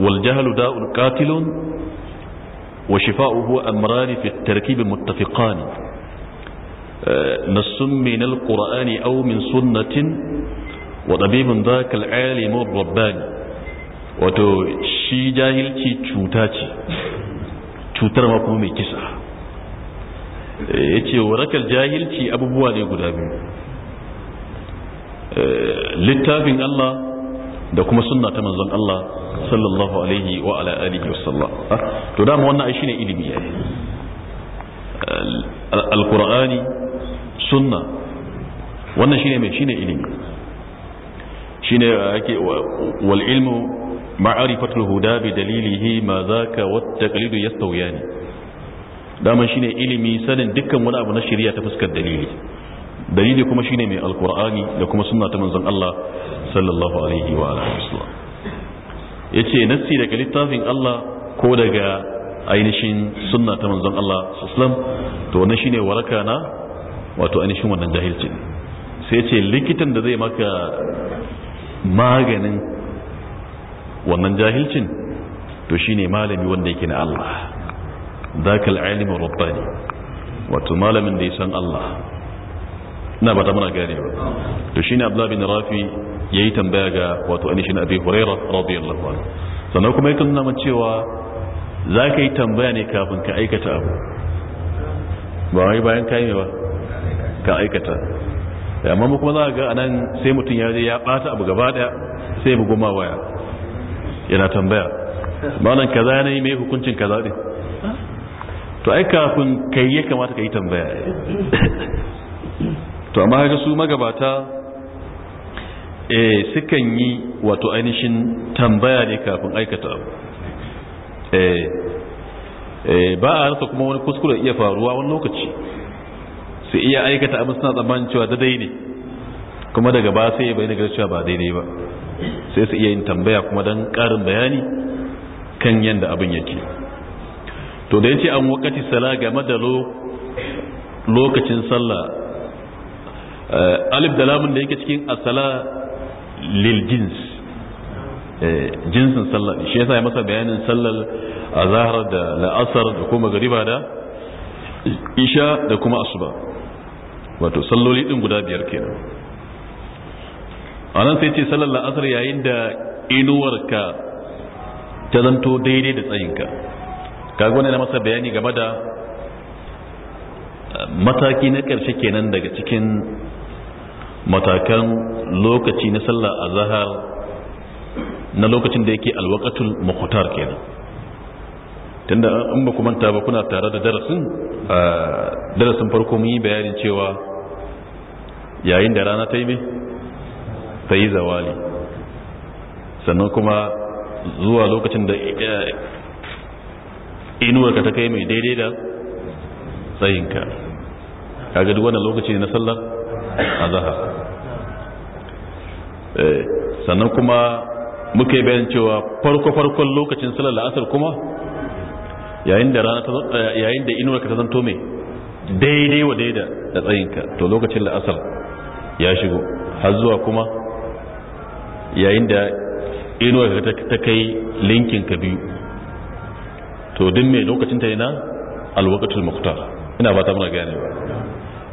wal jahlu da'un qatilun wa shifa'uhu amran fi at-tarkib muttafiqan نص من القرآن أو من سنة وطبيب ذاك العالم الرباني wato shi jahilci cuta ce cutar ma kuma mai kisa eh, ya ce warakar jahilci abubuwa ne guda biyu eh, littafin Allah da kuma sunna ta manzon Allah sallallahu alaihi wa ala alihi wasallam to dama wannan ai ne ilimi yayi eh, alqur'ani sunna wannan shi ne mai shi ne ilimi Shi ne ake wal ilmu ma'arifatul huda bi dalilihi ma za ka zaka wat taqlidu yastawiyani daman shine ilimi sanin dukkan wani abu na shirya ta fuskar dalili dalili kuma shine mai alqur'ani da kuma suna ta manzon Allah sallallahu alaihi wa alihi wasallam yace nassi daga littafin Allah ko daga ainihin sunna ta manzon Allah sallallahu alaihi to wannan shine waraka na wato ainihin wannan jahilcin sai ce likitan da zai maka maganin wannan jahilcin to shine malami wanda yake na Allah dakal alimin rabbani wato malamin da ya san Allah na ba ta gane ba to shine abdullah bin rafi yayi tambaya ga wato anishin abi hurairah radiyallahu anhu sannan kuma ya tunna mun cewa za ka yi ne kafin ka aikata abu ba wai bayan ka yi ba ka aikata amma kuma za ga anan sai mutum ya je ya bata abu daya sai bugu yana tambaya malam kaza ne mai hukuncin kaza ne to ai kafin kai ya kamata ka yi tambaya to amma haka su magabata eh sukan yi wato ainihin tambaya ne kafin aikata abu eh eh ba a rasa kuma wani kuskure iya faruwa wani lokaci su iya aikata abin suna tsammanin cewa daidai ne kuma daga ba sai ya bayyana cewa ba daidai ba sai su iya yin tambaya kuma don karin bayani kan yadda abin yake to da yace an wakati sala game da lokacin sallah eh, alif da lamun da yake cikin asala lil jins eh, jinsin sallah shi yasa ya masa bayanin sallar azahar da la'asar da kuma gariba da isha da kuma asuba wato salloli din guda biyar kenan anan sai ce sallar la'asar yayin da inuwarka ta zanto daidai da tsayinka kaga wani na masa bayani game da eh, mataki na ƙarshe kenan daga cikin matakan lokaci na sallar zahar na lokacin da yake alwakatul Muktar kenan tunda an ba ku manta ba kuna tare da darasin eh, darasin farko mun yi bayanin cewa yayin da rana ta yi ta yi zawali sannan kuma zuwa lokacin da eh, inuwarka ta kai mai daidai da tsayinka kaga duk wannan lokaci na sallar azhar eh, sannan kuma muka yi bayan cewa farko-farkon lokacin sallar la'asar kuma yayin da rana eh, yayin da inuwarka ta zanto mai daidai wa daida da tsayinka to lokacin la'asar ya shigo har zuwa kuma yayin da inuwa ta kai linkin ka biyu to din mai lokacin ta yana alwakatul muktar ina ba ta muna gane ba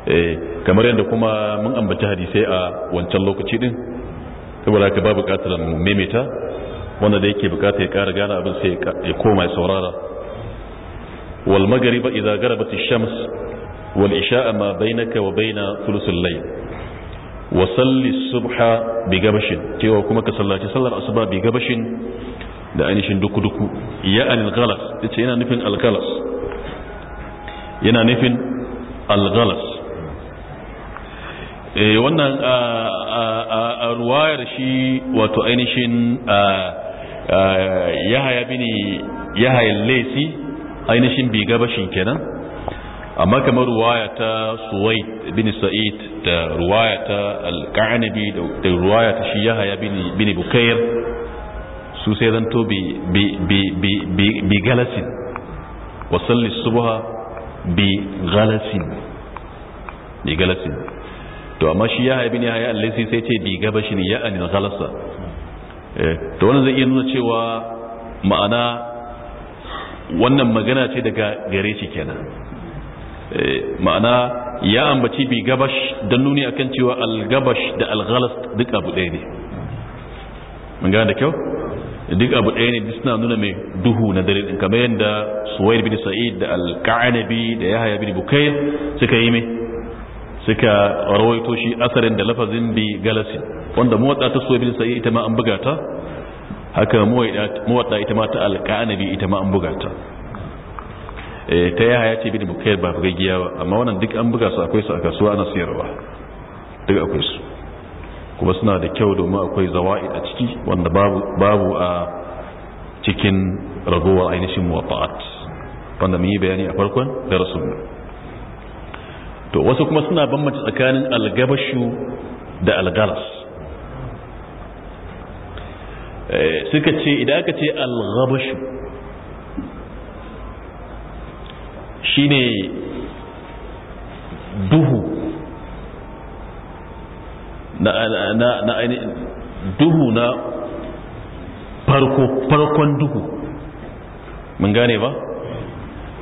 eh, kamar yadda kuma mun ambaci hadisai a wancan lokaci din saboda ka ba bukatar maimaita wanda da yake bukata ya kara gane abin sai ya koma ya saurara wal magariba idza garabat ash-shams wal isha'a ma bainaka wa baina thuluthil layl wa salli subha bi gabashin cewa kuma ka sallaci sallar asuba bi gabashin da ainihin duku duku ya an galas yace yana nufin algalas yana nufin algalas eh wannan a ruwayar shi wato ainihin yahaya bin yahaya laisi ainihin bi gabashin kenan amma kamar ruwaya ta suwaid bin sa'id da ruwaya ta alƙa'anabi da ruwaya ta shi yahaya bin bukayar su sai zanto bi galasin wasalli subha bi galasin bi galasin to amma shi yahaya ya yahaya allaisi sai ce bi gabashin ya'anin galasa eh, to wannan zai iya nuna cewa ma'ana wannan magana ce daga gare shi kenan Eh, ma'ana ya ambaci bi gabash don nuni akan cewa al-gabash da al-ghalas duk abu ɗaya ne mun gane da kyau duk abu ɗaya ne suna nuna mai duhu na dare din kamar yadda suwaid bin sa'id da al qanabi da yahya bin bukayr suka yi mai suka rawaito shi asarin da lafazin bi galasi wanda muwatta ta suwaid bin sa'id ita ma an buga ta haka muwatta ita ma ta al-ka'anabi ita ma an buga ta Eh, ta yaya ce da bukayar ba giya ba amma wannan duk an buga su akwai su a kasuwa ana siyarwa duk akwai su kuma suna da kyau domin akwai zawa'i a ciki wanda babu a cikin ragowar ainihin muwafa'at wanda mun yi bayani a farkon darasin to wasu kuma suna bambanta tsakanin algabashu da algalas eh, suka ce idan aka ce algabashu shine duhu na duhu na farko farkon duhu mun gane ba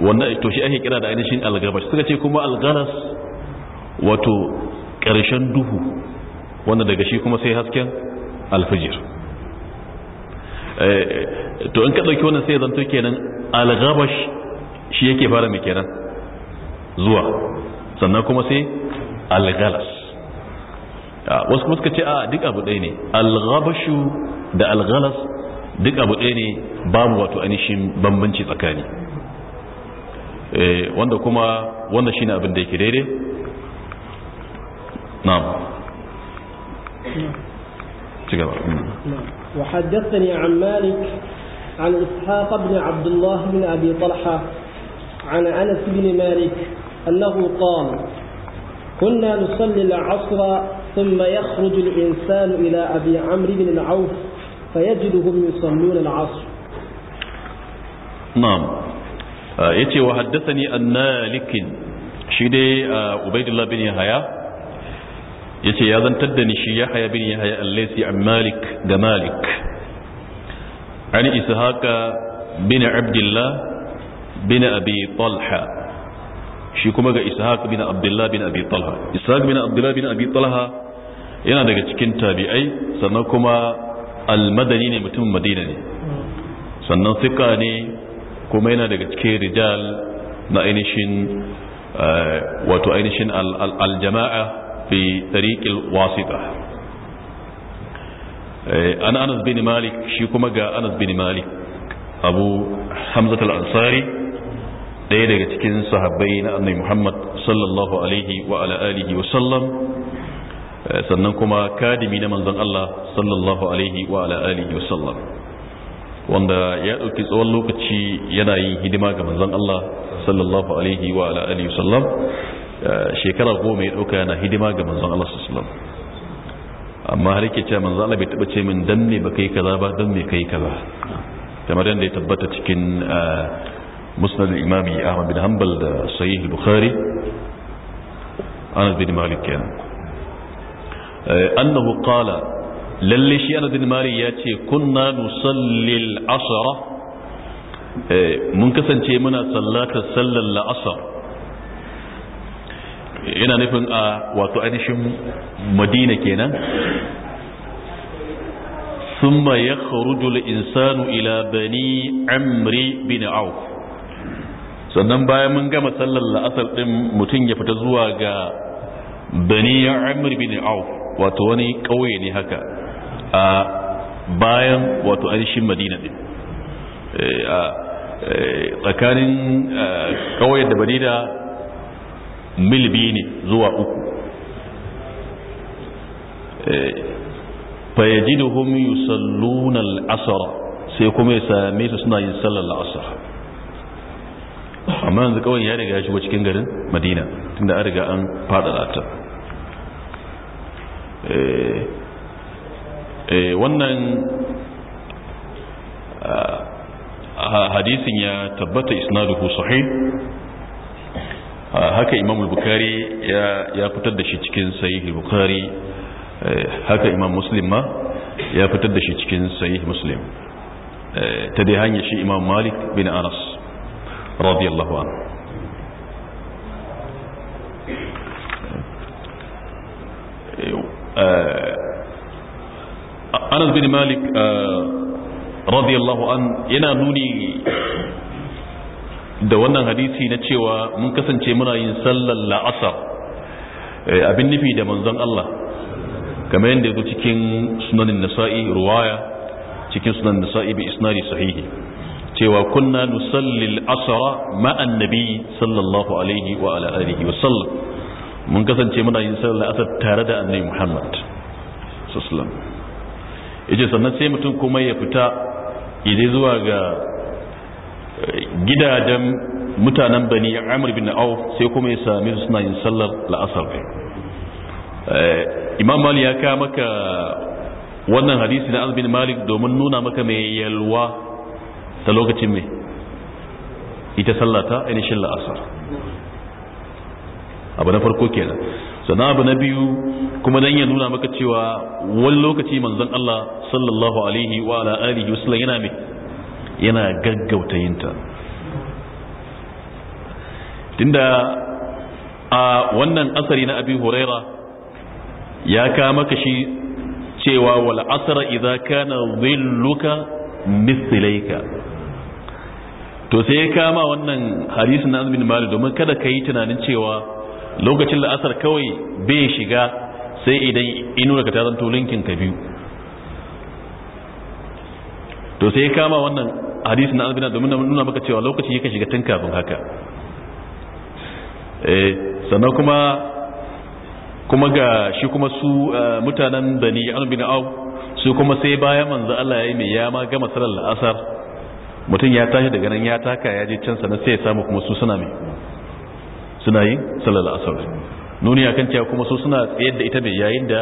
wannan to shi ake kira da ainihin algabash suka ce kuma algaras wato ƙarshen duhu wanda daga shi kuma sai hasken alfijir eh, to in ka dauki wannan sai zanto kenan algabash shi yake fara mai kenan zuwa sannan kuma sai algalas wasu kuma suka ce a duk abu ɗaya ne algabashu da algalas duk abu ɗaya ne babu wato ainihin bambanci tsakani e, wanda kuma wanda shine abin da yake daidai na'am cigaba وحدثني عن مالك عن إسحاق بن عبد الله بن أبي طلحة عن أنس بن مالك أنه قال كنا نصلي العصر ثم يخرج الإنسان إلى أبي عمرو بن العوف فيجدهم يصلون العصر نعم آه، يتي وحدثني أن مالك شدي آه، عبيد الله بن يحيى يتي يا ذن تدني شي يحيى بن يحيى الليثي عن مالك جمالك عن إسحاق بن عبد الله bin abi talha shi kuma ga ishaq bin abdullah bin abi talha ishaq bin abdullah bin abi talha yana daga cikin tabi'ai sannan kuma almadani ne mutum madina ne sannan sika ne kuma yana daga cikin rijal na ainihin eh, wato ainihin aljama'a fi tariqil wasita eh, an anas bin malik shi kuma ga anas bin malik abu hamzat al-ansari ɗaya daga cikin sahabbai na annabi Muhammad sallallahu alaihi wa ala alihi wa sallam eh, sannan kuma kadimi na manzon Allah sallallahu alaihi wa ala alihi wa sallam wanda ya ɗauki tsawon lokaci yana yin hidima ga manzon Allah sallallahu alaihi wa ala alihi wa sallam eh, shekara goma ya ɗauka yana hidima ga manzon Allah sallallahu alaihi wa amma har yake cewa manzon Allah bai taɓa ce min dan me ba kai kaza ba dan me kai kaza kamar yadda ya tabbata cikin eh, مسند الإمام احمد بن حنبل الصحيح البخاري أنا بن مالك كان أنه قال للشي أنا بن مالك ياتي كنا نصلي العصر منكسن شيء منا صلاة صلى العصر ina nufin a wato ainihin madina kenan sun ma ya kharujul insanu ila bani sannan bayan mun gama sallar la'asar ɗin mutum ya fita zuwa ga bani amir bin auf wato wani ƙauye ne haka a bayan wato ainihin madina din eh, eh, tsakanin ƙauyen da madina mil biyu ne zuwa uku eh, fayajiduhum yusalluna asara sai kuma ya same su suna yin sallar la'asar. amma yanzu kawai ya riga ya shigo cikin garin madina tunda an riga an fadada ta eh, eh, wannan ah, ah, hadisin ya tabbata isnaduhu sahih ah, haka imam bukari ya fitar da shi cikin sahih bukari eh, haka imam muslim ma ya fitar da shi cikin sahih muslim ta dai hanyar shi imam malik bin anas radiyallahu anhu eh, an eh, yana nuni da wannan hadisi na cewa mun kasance muna yin sallar la'asar eh, abin nufi da manzon Allah kamar yadda zo cikin sunanin nasa'i ruwaya cikin sunan nasa'i bi isnari sahihi cewa kunna nusallil asara ma'an nabi sallallahu alaihi wa ala alihi wa sallam mun kasance muna yin sallar asar tare da annabi muhammad sallam yace sannan sai mutum kuma ya fita idai zuwa ga eh, gidajen mutanen bani amr bin auf sai kuma ya sami suna yin sallar la'asar ne eh, imam mali ya kawo maka wannan hadisi na bin malik domin nuna maka mai yalwa ta lokacin mai ita sallata ainihin la'asar abu na farko kenan sannan abu na biyu kuma dan ya nuna maka cewa wani lokaci manzon Allah sallallahu alaihi wa ala alihi yana me yana gaggauta yinta tunda a wannan asari na abi huraira ya kama maka shi cewa wal asra idza kana dhilluka mithlaika to sai ya kama wannan hadisin na azumin malik domin kada ka yi tunanin cewa lokacin la'asar kawai bai shiga sai idan inuwar ka ta zanto linkin ka biyu to sai ya kama wannan hadisin na azumin domin nuna maka cewa lokaci yake shiga tun kafin haka eh, sannan kuma kuma ga shi kuma su eh, mutanen ni an bin au su kuma sai bayan manzo Allah ya yi mai ya ma gama salar la'asar mutum ya tashi daga nan ya taka ya je can sana sai ya samu kuma su suna mai suna yin sallar asar nuni akan cewa kuma su suna tsayar da ita mai yayin da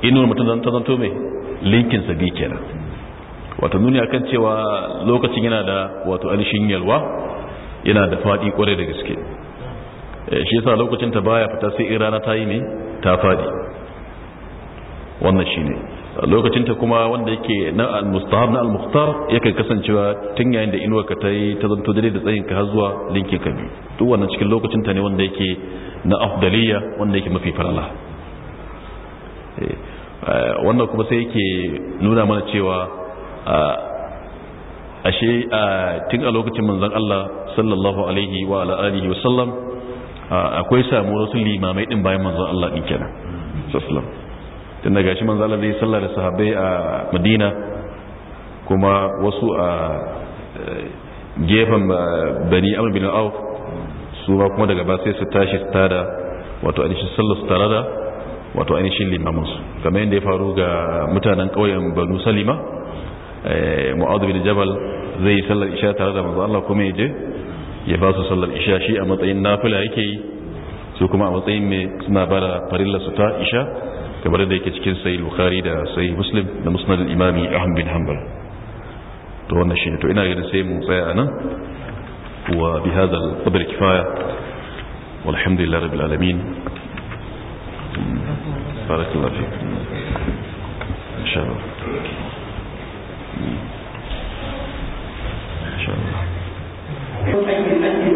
inuwar mutum ta zanto mai linkin sa bi kenan wato nuni akan cewa lokacin yana da wato alishin yalwa yana da fadi kware da gaske eh, shi yasa lokacin ta baya fita sai in rana ta yi ne ta fadi wannan shine lokacinta kuma wanda yake na al-mustahab na al-mukhtar yake kasancewa tun yayin da ka ta yi ta zanto dare da tsayin ka har zuwa linkin ka biyu duk wannan cikin lokacinta ne wanda yake na afdaliya wanda yake mafi farala eh, wannan kuma sai yake nuna mana cewa ashe tun a lokacin manzon Allah sallallahu alaihi wa ala alihi wa sallam akwai samu wasu limamai din bayan manzon Allah din kenan sallallahu tunda gashi man manzala zai sallar da sahabbai a madina kuma wasu a eh, gefen eh, bani amur bin auf su ba kuma daga ba sai su tashi su tada wato ainihin sallar su tare da wato ainihin limaminsu kamar yadda ya faru ga mutanen ƙauyen banu salima eh, mu'adu bin jabal zai yi sallar isha tare da manzo Allah kuma ya je ya ba su sallar isha shi a matsayin nafila yake yi su kuma a matsayin mai suna bada farilla su ta isha kamar da yake cikin sai bukhari da sai muslim da musnad al-imami ahmad bin hanbal to wannan shine to ina ganin sai mu tsaya anan wa bi hadha al-qadr kifaya walhamdulillahi rabbil alamin barakallahu fik insha Allah insha Allah